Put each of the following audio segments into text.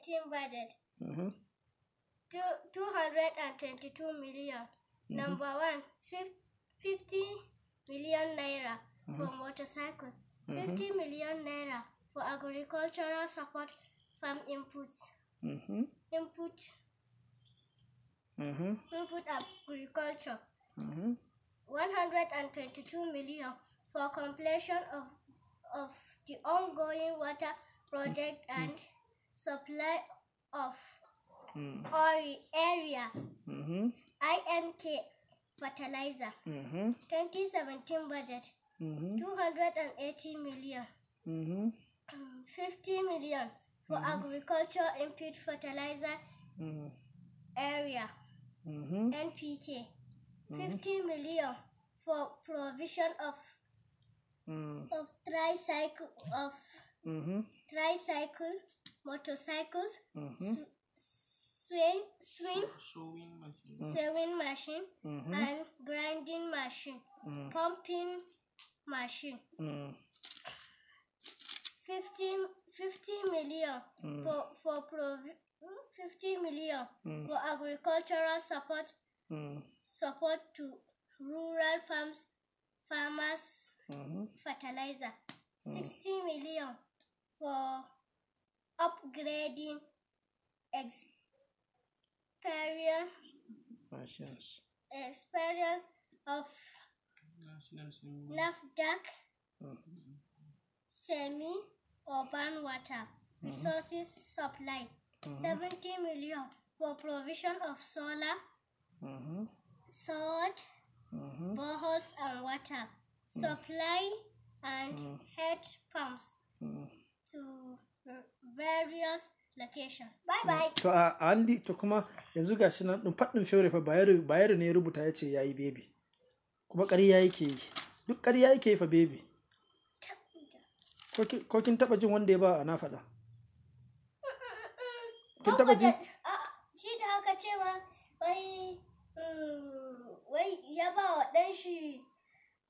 2018 budget mm-hmm. Two, 222 million. Mm-hmm. Number one, 50, 50 million naira mm-hmm. for motorcycle, mm-hmm. 50 million naira for agricultural support farm inputs. Mm-hmm. Input. Mm-hmm. Input agriculture. Mm-hmm. 122 million for completion of of the ongoing water project and supply of mm. or area mm-hmm. INK fertilizer mm-hmm. 2017 budget mm-hmm. 280 mm-hmm. 50 million for mm-hmm. agriculture input fertilizer mm-hmm. area mm-hmm. NPK mm-hmm. 50 million for provision of mm. of tricycle of mm-hmm. tricycle motorcycles, mm -hmm. swing, swing, mm. sewing machine, sewing machine mm -hmm. and grinding machine, mm. pumping machine. 50, mm. 50 million mm. for, for provi hmm, 50 million for agricultural support support to rural farms farmers mm-hmm. fertilizer 60 million for upgrading experience, experience of NAFDAC semi-urban water resources mm -hmm. supply, mm -hmm. 70 million for provision of solar, mm salt, uh-huh. boreholes and water, supply and head pumps to various location. Bye bye. To a Andy to kuma yanzu ga shi nan faɗin Fiore fa Bayero bayaru ne ya rubuta ya ce ya yi baby. Kuma ƙarya yake yi. Duk ƙarya yake yi fa baby. Ko kin taɓa jin wanda ya ba ana faɗa? Kin taɓa jin? Shi da haka ce ma wai mm, wai ya ba wa dan shi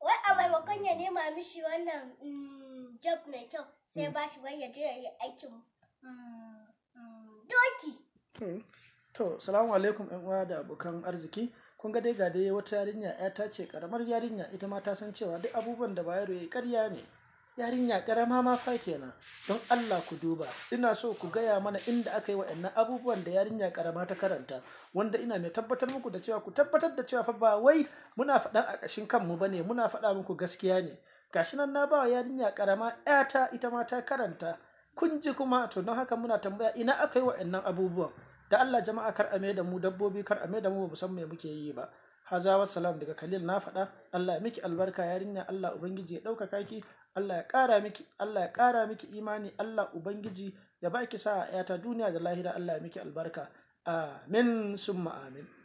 wai a maimakon ya nema mishi wannan mm, job mai kyau sai ba shi ya mm. ya yi aikin mm, mm. doki. Hmm. To, salamu alaikum ‘yan uwa da abokan arziki. Kun ga dai ga dai wata yarinya ya ta ce karamar yarinya ita ma ta san cewa duk abubuwan da bayero ya karya ne. Yarinya karama ma fa kenan. Don Allah ku duba. Ina so ku gaya mana inda aka yi waɗannan abubuwan da yarinya karama ta karanta. Wanda ina mai tabbatar muku da cewa ku tabbatar da cewa fa ba wai muna faɗan a ƙashin kanmu ba ne muna faɗa muku gaskiya ne. gashi nan na bawa yarinya karama yata ita ma ta karanta kun ji kuma to don haka muna tambaya ina aka yi wa'annan abubuwan da Allah jama'a kar ame da mu dabbobi kar ame da mu ba san me muke yi ba haza salam daga Khalil na faɗa Allah ya miki albarka yarinya Allah ubangiji ya ɗaukaka ki Allah ya ƙara miki Allah ya ƙara miki imani Allah ubangiji ya baki sa yata duniya da lahira Allah ya miki albarka amin summa amin